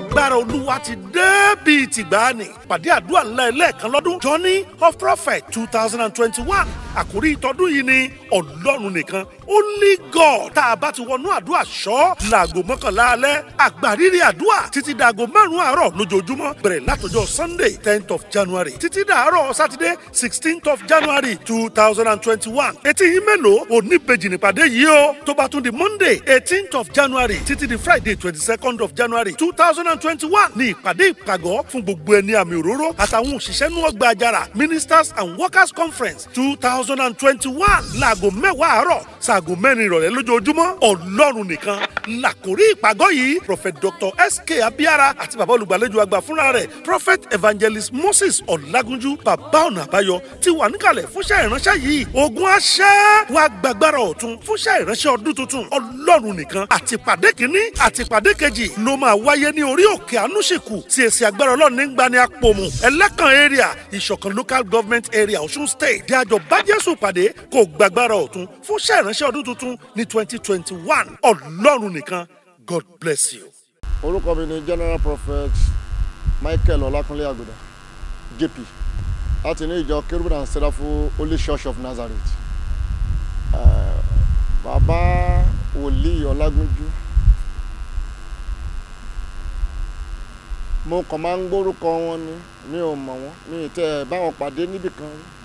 agbára olúwa ti dé bíi tìgbàanì pàdé àdúrà ńlá ẹlẹ́ẹ̀kan lọ́dún journey of prophet two thousand and twenty one àkórí ìtọ́dún yìí ni ọlọ́run nìkan only God tá a bá ti wọnú àdúrà ṣọ́ làgò mọ́kànlá alẹ́ àgbàrírí àdúrà títí dàgò márùn-ún àárọ̀ lójoojúmọ́ bẹ̀rẹ̀ látọjọ́ Sunday tenth of January títí dàárọ̀ Saturday sixteenth of January two thousand and twenty-one etí yín mélòó oníbejì nípàdé yìí o tó bá tún di Monday eighteenth of January títí di Friday twenty-second of January two thousand and twenty-one ní ìpàdé ìpàgọ́ fún gbogbo ẹni àmì òróró àtàwọn òṣìṣẹ́ nú ọgbà àjàrà Ministers and Workers Conference two thousand thousand and twenty-one láago mẹ́wàá àárọ̀ ṣaago mẹ́rin ìrọ̀lẹ́ lójoojúmọ́ ọlọ́run nìkan làkórí ìpàgọ́ yìí prophet dr sk abiara àti bàbá olùgbàlejò àgbà fúnra rẹ̀ prophet evangelist moses ọ̀làgúnjú bàbá ọ̀nà àbáyọ ti wà níkàlẹ̀ fúnṣẹ́ ìránṣẹ́ yìí ogun aṣẹ́ wa gbàgbára ọ̀tun fúnṣẹ́ ìránṣẹ́ ọdún tuntun ọlọ́run nìkan àtìpàdé kìíní àtìpàdé kejì ló máa wáyé ní orí òkè anúṣekù tí èsì agbára ọlọ́run ní gbani apòmù ẹlẹ́kàn area ìṣọ̀kan local government area ọ̀ṣun state díàjọ bájẹ́ jésù pàdé kò gbàgbára ọ̀tun fún iṣẹ́ ìránṣẹ́ ọdún tuntun ní twenty twenty one ọlọ́run nìkan god bless you. orúkọ mi ni general prophet michael ọlákúnlé àgùdà jp láti ní ìjọ kerubin and seraphim holy church of nazareth eh, bàbá wòlíì ọlágúnjú mo kàn máa ń gbórúkọ wọn ni mi ò mọ̀ wọ́n mi ì tẹ́ ẹ pàdé níbì rí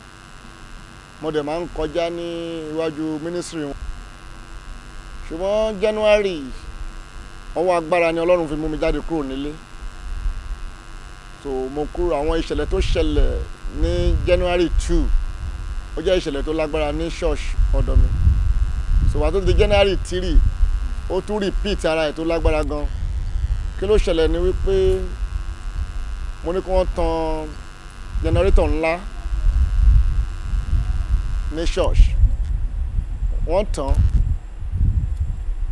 mo dẹ̀ máa ń kọjá ní iwájú mínísírì wọn ṣùgbọ́n January ọwọ́ agbára ni Ọlọ́run fi mú mi jáde kúrò nílé so mo kúrò àwọn ìṣẹ̀lẹ̀ tó ṣẹlẹ̀ ní January two ó jẹ́ ìṣẹ̀lẹ̀ tó lágbára ní church ọ̀dọ̀ mi so wàá tó di January three ó tún repeat ara ẹ̀ tó lágbára gan kí ló ṣẹlẹ̀ ni wípé mo ní kí wọ́n tan generator ńlá ní church wọ́n tán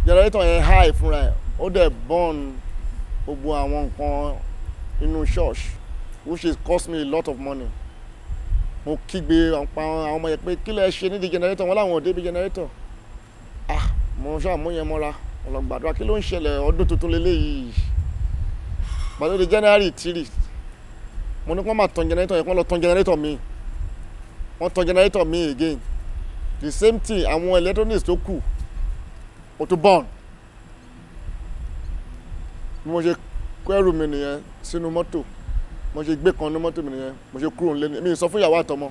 generator yẹn high fúnra ẹ̀ ó dẹ̀ burn gbogbo àwọn nǹkan inú church which is cost me a lot of money mo kígbe ọ̀pọ̀ àwọn ọmọ yẹn pé kí lẹ ṣe nídìí generator wọn làwọn ò débi generator ah mo ṣàmú yẹn mọ́ra ọlọ́gbàdúrà kí ló ń ṣẹlẹ̀ ọdún tuntun lélẹ́yìí pàtó di January three mo ní kó má tan generator yẹn kó lọ tan generator mi wọ́n tan generator mi again the same thing àwọn electronics tó kù ó tún burn bí mo ṣe kó ẹrù mi nìyẹn sínú mọ́tò mo ṣe gbé kan ní mọ́tò mi nìyẹn mo ṣe kúrò nílé mi sọ fún ìyàwó àtọmọ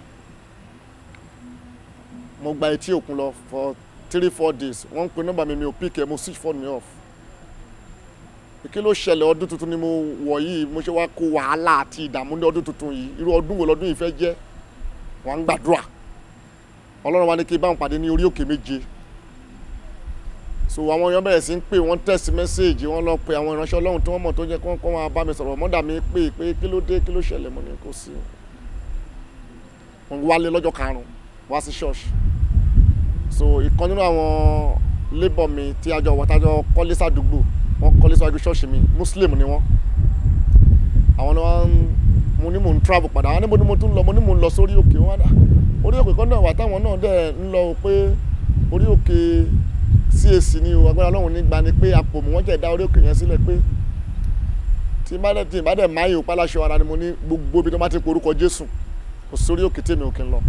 mo gba etí òkun lọ for three four days wọ́n ń pe nọ́mbà mi mi ò píkẹ́ mo switch phone mi off kí ló ṣẹlẹ̀ ọdún tuntun ni mo wọ̀ yìí mo ṣe wá kó wàhálà àti ìdààmú ní ọdún tuntun yìí irú ọdún wo lọ́dún yìí fẹ́ jẹ́ wọ́n ń gbàdúrà ọlọ́run wa ní kí báwọn pàdé ní orí òkè méje so àwọn èèyàn bẹ̀rẹ̀ sí ń pè wọ́n text message wọ́n lọ pe àwọn ìránṣẹ́ ọlọ́run tí wọ́n mọ̀ tó jẹ́ kó wọ́n bá mi sọ̀rọ̀ mọ́dà mi pè pé kí ló dé kí ló ṣẹlẹ̀ mo ní kò sí wọn wálé lọ́jọ́ karùn-ún wá sí church so ìkan nínú àwọn labour mi tí a jọ wọ́n tájọ kọ́lé sádùúgbò wọ́n kọ́lé sádùúgbò church mi muslim ni wọ́n àwọn ni wọ́n ń mo ní mò ń travel padà wọn níbo ni mo tún lọ mo ní mò ń lọ sórí òkè wọn dà orí òkè kan náà wà táwọn náà dẹ̀ ń lọ pé orí òkè CAC ni o agbára ọlọ́run nígbà ni pé apò mò wọ́n jẹ̀ dá orí òkè yẹn sílẹ̀ pé tí n bá dẹ̀ tí n bá dẹ̀ máyè o pálásọ ara ni mo ní gbogbo ibi tó bá ti pe orúkọ Jésù kò sórí òkè tèmi ò kí n lọ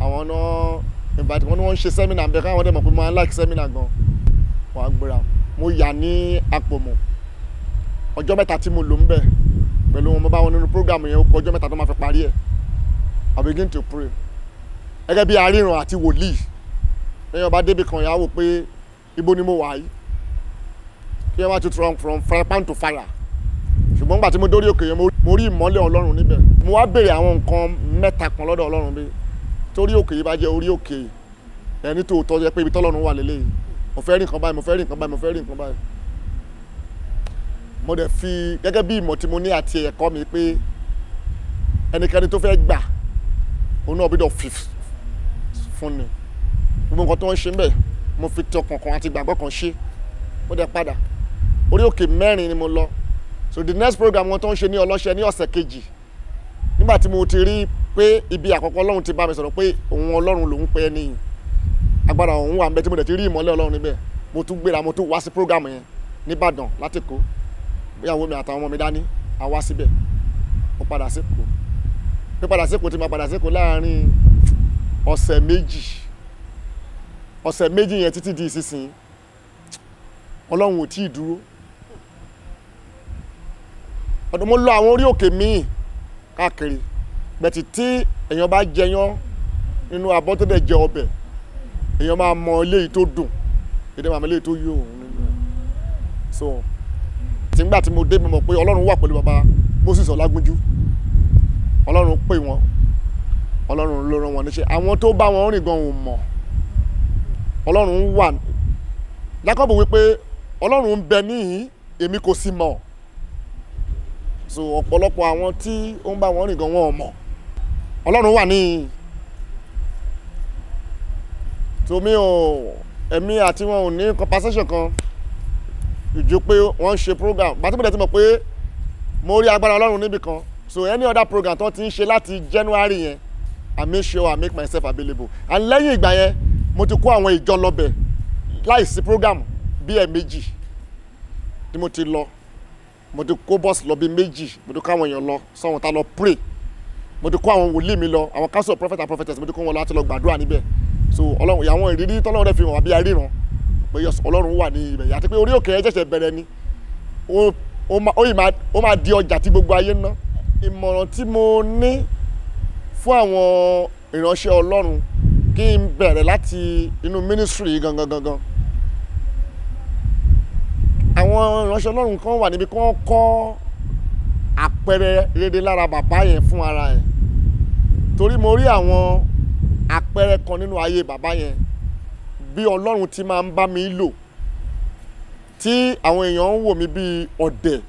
àwọn náà ìbàdí wọn ni wọn ń ṣe sẹ́mínà bẹ́ẹ̀ káwọn dẹ̀ mọ̀ pé mo máa ń like sẹ́mínà gan wọn á gbéra mo yà ní apò mọ̀ ọjọ́ mẹ́ta tí mo lò ń bẹ́ẹ̀ pẹ̀lú wọn mo bá wọn nínú program yẹn ọjọ́ mẹ́ta tó máa fi parí ẹ̀ I begin to pray gẹ́gẹ́ bí aríran àti wòlíì lẹ́yìn ọba débi kan ìyàwó pé ibo ni mo wà yìí kí ẹ bá ti from from fire pan to fire ṣùgbọ́n nígbà mo dórí òkè yẹn mo rí ìmọ́lẹ̀ ọlọ́run níbẹ̀ mo wá béèrè àwọn nǹkan mẹ́ta kan lọ́dọ̀ ọlọ́run bí torí òkè yìí bá jẹ́ orí òkè ẹni tó tọ́jú pé ibi tọ́lọ́run wà lélẹ́yìí mo fẹ́ rí nǹkan báyìí mo fẹ́ rí nǹkan báyìí mo fẹ́ rí nǹkan báyìí mo dẹ̀ fi gẹ́gẹ́ bí ìmọ̀ tí mo ní àti ẹ̀kọ́ mi pé ẹnikẹ́ni tó fẹ́ gbà òun náà bídọ̀ fi fún ni gbogbo nǹkan tó ń ṣe ń bẹ̀ mo fi tọ kankan àti gbàgbọ́ kan ṣe mo dẹ̀ padà orí òkè mẹ́rin ni mo lọ so the next program wọn tó ń ṣe ní ọlọ́ṣẹ́ ní ọ̀sẹ̀ kejì nígbà tí mo ti rí pé ibi àkọ́kọ́ ọlọ́run ti bá mi sọ̀rọ̀ pé òun ọlọ́run lòún pẹ́ ní agbára òun wà ń bẹ tí mo dẹ̀ ti rí ìmọ́lẹ̀ ọlọ́run níbẹ̀ mo tún gbéra mo tún wá sí program yẹn níbàdàn látìkó ìyàwó mi àtàwọn ọmọ mi dání a wá síbẹ̀ mo padà sẹ́kọ̀ọ́ pípadà sẹ́kọ̀ọ́ tí mo padà sẹ́kọ̀ọ́ láàárín ọ̀sẹ̀ méjì ọ̀sẹ̀ méjì yẹn títí di ìsinsìnyí ọlọ́run ò tí ì dúró ọ̀dọ̀ mo lọ àwọn orí òkè míì káàkiri bẹ̀tì tí èèyàn bá jẹyán nínú abọ́ tó dẹ̀ jẹ ọbẹ̀ èèyàn máa mọ eléyìí tó dùn èdè màmá eléyìí tó yó òun nínú ẹ̀ so àti nígbà tí mo dé mo mọ̀ pé ọlọ́run wà pẹ̀lú baba Moses Ọlágúnjú ọlọ́run pè wọ́n ọlọ́run ló rán wọn níṣẹ́ àwọn tó bá wọn rìn gan ò mọ̀ ọlọ́run wà Jacob wípé ọlọ́run ń bẹ níhìn èmi kò sì mọ̀ so ọ̀pọ̀lọpọ̀ àwọn tí ó ń bá wọn rìn gan wọn ò mọ̀ ọlọ́run wà níhìn so mi ẹ̀mí àti wọn ò ní compensation kan ju pé wọ́n ń ṣe program bàtí mo dẹ̀ ti mọ̀ pé mo rí agbára ọlọ́run níbì kan so any other program tó ti ń ṣe láti January yẹn I make sure I make myself available and lẹ́yìn ìgbà yẹn mo ti kó àwọn ìjọ lọ́bẹ̀ láìsí program bíi ẹ̀ẹ̀mejì ni mo ti lọ mo ti kó bọ́ọ̀sì lọ bíi méjì mo ti kó àwọn èèyàn lọ sọ̀rọ̀ ta lọ pray mo ti kó àwọn wòlíì mi lọ àwọn council of prophets and prophetess mo ti kó wọn lọ láti lọ gbàdúrà níbẹ̀ so ọlọ́run àwọn ìrírí tọ́lọ́run rẹ̀ fi hàn wá bí aríran pé ọlọ́run wà ní ibẹ̀ yàtọ̀ pé orí òkè ẹ̀ ṣẹ̀ṣẹ̀ bẹ̀rẹ̀ ni ó máa di ọjà tí gbogbo ayé ná ìmọ̀ràn tí mo ní fún àwọn ìránṣẹ́ ọlọ́run kí n bẹ̀rẹ̀ láti inú mínísírì gangan gangan àwọn ìránṣẹ́ ọlọ́run kan wà níbi kí wọ́n kọ́ àpẹẹrẹ rere lára bàbá yẹn fún ara yẹn torí mo rí àwọn àpẹẹrẹ kan nínú ayé bàbá yẹn bí ọlọ́run ti máa ń bá mi lò tí àwọn èèyàn ń wò mí bíi ọ̀dẹ̀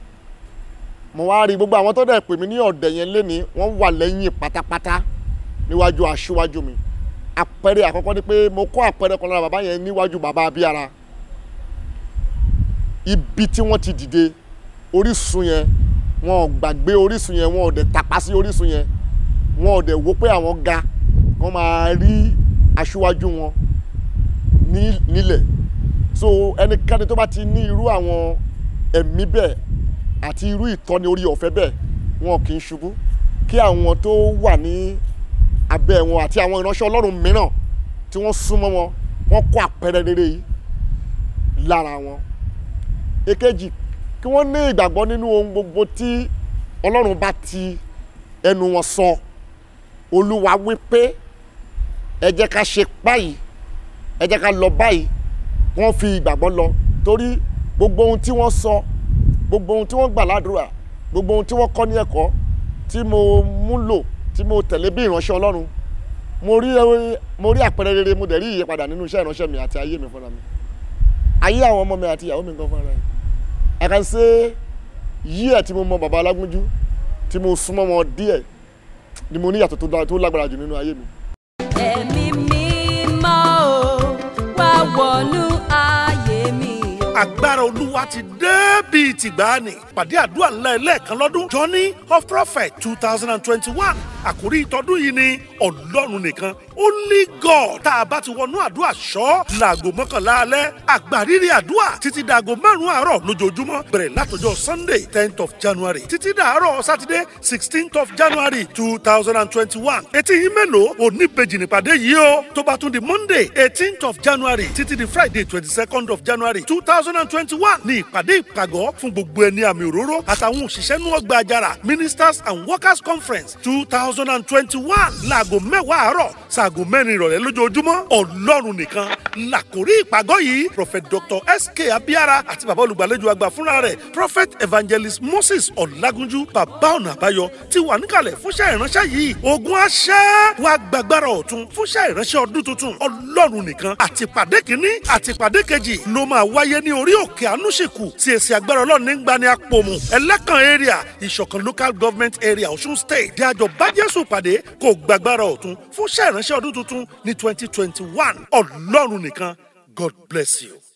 mo wá rí gbogbo àwọn tó dẹ̀ pè mí ní ọ̀dẹ̀ yẹn lénìí wọ́n wà lẹ́yìn pátápátá níwájú aṣíwájú mi àpẹẹrẹ àkọ́kọ́ ni pé mo kọ́ àpẹẹrẹ kan lára bàbá yẹn níwájú bàbá abíyára ibi tí wọ́n ti dìde orísun yẹn wọn ò gbàgbé orísun yẹn wọn ò dẹ̀ tàpá sí orísun yẹn wọn ò dẹ̀ wò pé àwọn ga wọ́n máa rí aṣíwájú wọn nílẹ̀ so ẹnikẹ́ni tó bá ti ní irú àwọn ẹ̀mí bẹ́ẹ̀ àti irú ìtọ́ni orí ọ̀fẹ́ bẹ́ẹ̀ wọn kì í ṣubú kí àwọn tó wà ní abẹ́ wọn àti àwọn ìránṣẹ́ ọlọ́run mìíràn tí wọ́n súnmọ́ wọn wọ́n kó àpẹẹrẹ rere yìí lára wọn èkejì kí wọ́n ní ìgbàgbọ́ nínú ohun gbogbo tí ọlọ́run bá ti ẹnu wọn sọ olúwa wípé ẹ jẹ́ ká ṣe báyìí ẹ jẹ́ ká lọ báyìí wọ́n fi ìgbàgbọ́ lọ torí gbogbo ohun tí wọ́n sọ gbogbo ohun tí wọ́n gbà ládùúrà gbogbo ohun tí wọ́n kọ́ ní ẹ̀kọ́ tí mo mú lò tí mo tẹ̀lé bí ìránṣẹ́ Ọlọ́run mo rí mo rí àpẹẹrẹ rere mo dẹ̀ rí ìyípadà nínú iṣẹ́ ìránṣẹ́ mi àti ayé mi fúnra mi ayé àwọn ọmọ mi àti ìyàwó mi gan fúnra mi I can say year tí mo mọ bàbá Alágúnjú tí mo súnmọ́ wọn díẹ̀ ni mo ní ìyàtọ̀ tó lágbára jù nínú ayé mi wọnú ayé mi agbára olúwa ti dé bíi tìgbàanì pàdé àdúrà ńlá ẹlẹ́ẹ̀kan lọ́dún journey of prophet two thousand and twenty-one àkórí ìtọ́dún yìí ni ọlọ́run nìkan only God tá a bá ti wọnú àdúrà ṣọ́ làgò mọ́kànlá alẹ́ àgbàrírí àdúrà títí dàgò márùn-ún àárọ̀ lójoojúmọ́ bẹ̀rẹ̀ látọjọ́ Sunday tenth of January títí dàárọ̀ Saturday sixteenth of January two thousand and twenty-one etí yín mélòó oníbejì nípàdé yìí o tó bá tún di Monday eighteenth of January títí di Friday twenty-second of January two thousand and twenty-one ní ìpàdé ìpàgọ́ fún gbogbo ẹni àmì òróró àtàwọn òṣìṣẹ́ nú ọgbà àjàrà Ministers and Workers Conference two thousand thousand and twenty-one láago mẹ́wàá àárọ̀ ṣaago mẹ́rin ìrọ̀lẹ́ lójoojúmọ́ ọlọ́run nìkan làkórí ìpàgọ́ yìí prophet dr sk abiara àti bàbá olùgbàlejò àgbà fúnra rẹ̀ prophet evangelist moses ọ̀làgúnjú bàbá ọ̀nà àbáyọ ti wà níkàlẹ̀ fúnṣẹ́ ìránṣẹ́ yìí ogun aṣẹ́ wa gbàgbára ọ̀tun fúnṣẹ́ ìránṣẹ́ ọdún tuntun ọlọ́run nìkan àtìpàdé kìíní àtìpàdé kejì ló máa wáyé ní orí òkè anúṣekù tí èsì agbára ọlọ́run ní gbani apòmù ẹlẹ́kàn area ìṣọ̀kan local government area ọ̀ṣun state díàjọ bájẹ́ jésù pàdé kò gbàgbára ọ̀tún fún ṣẹ́ ìránṣẹ́ ọdún tuntun ní twenty twenty one ọlọ́run nìkan god bless you.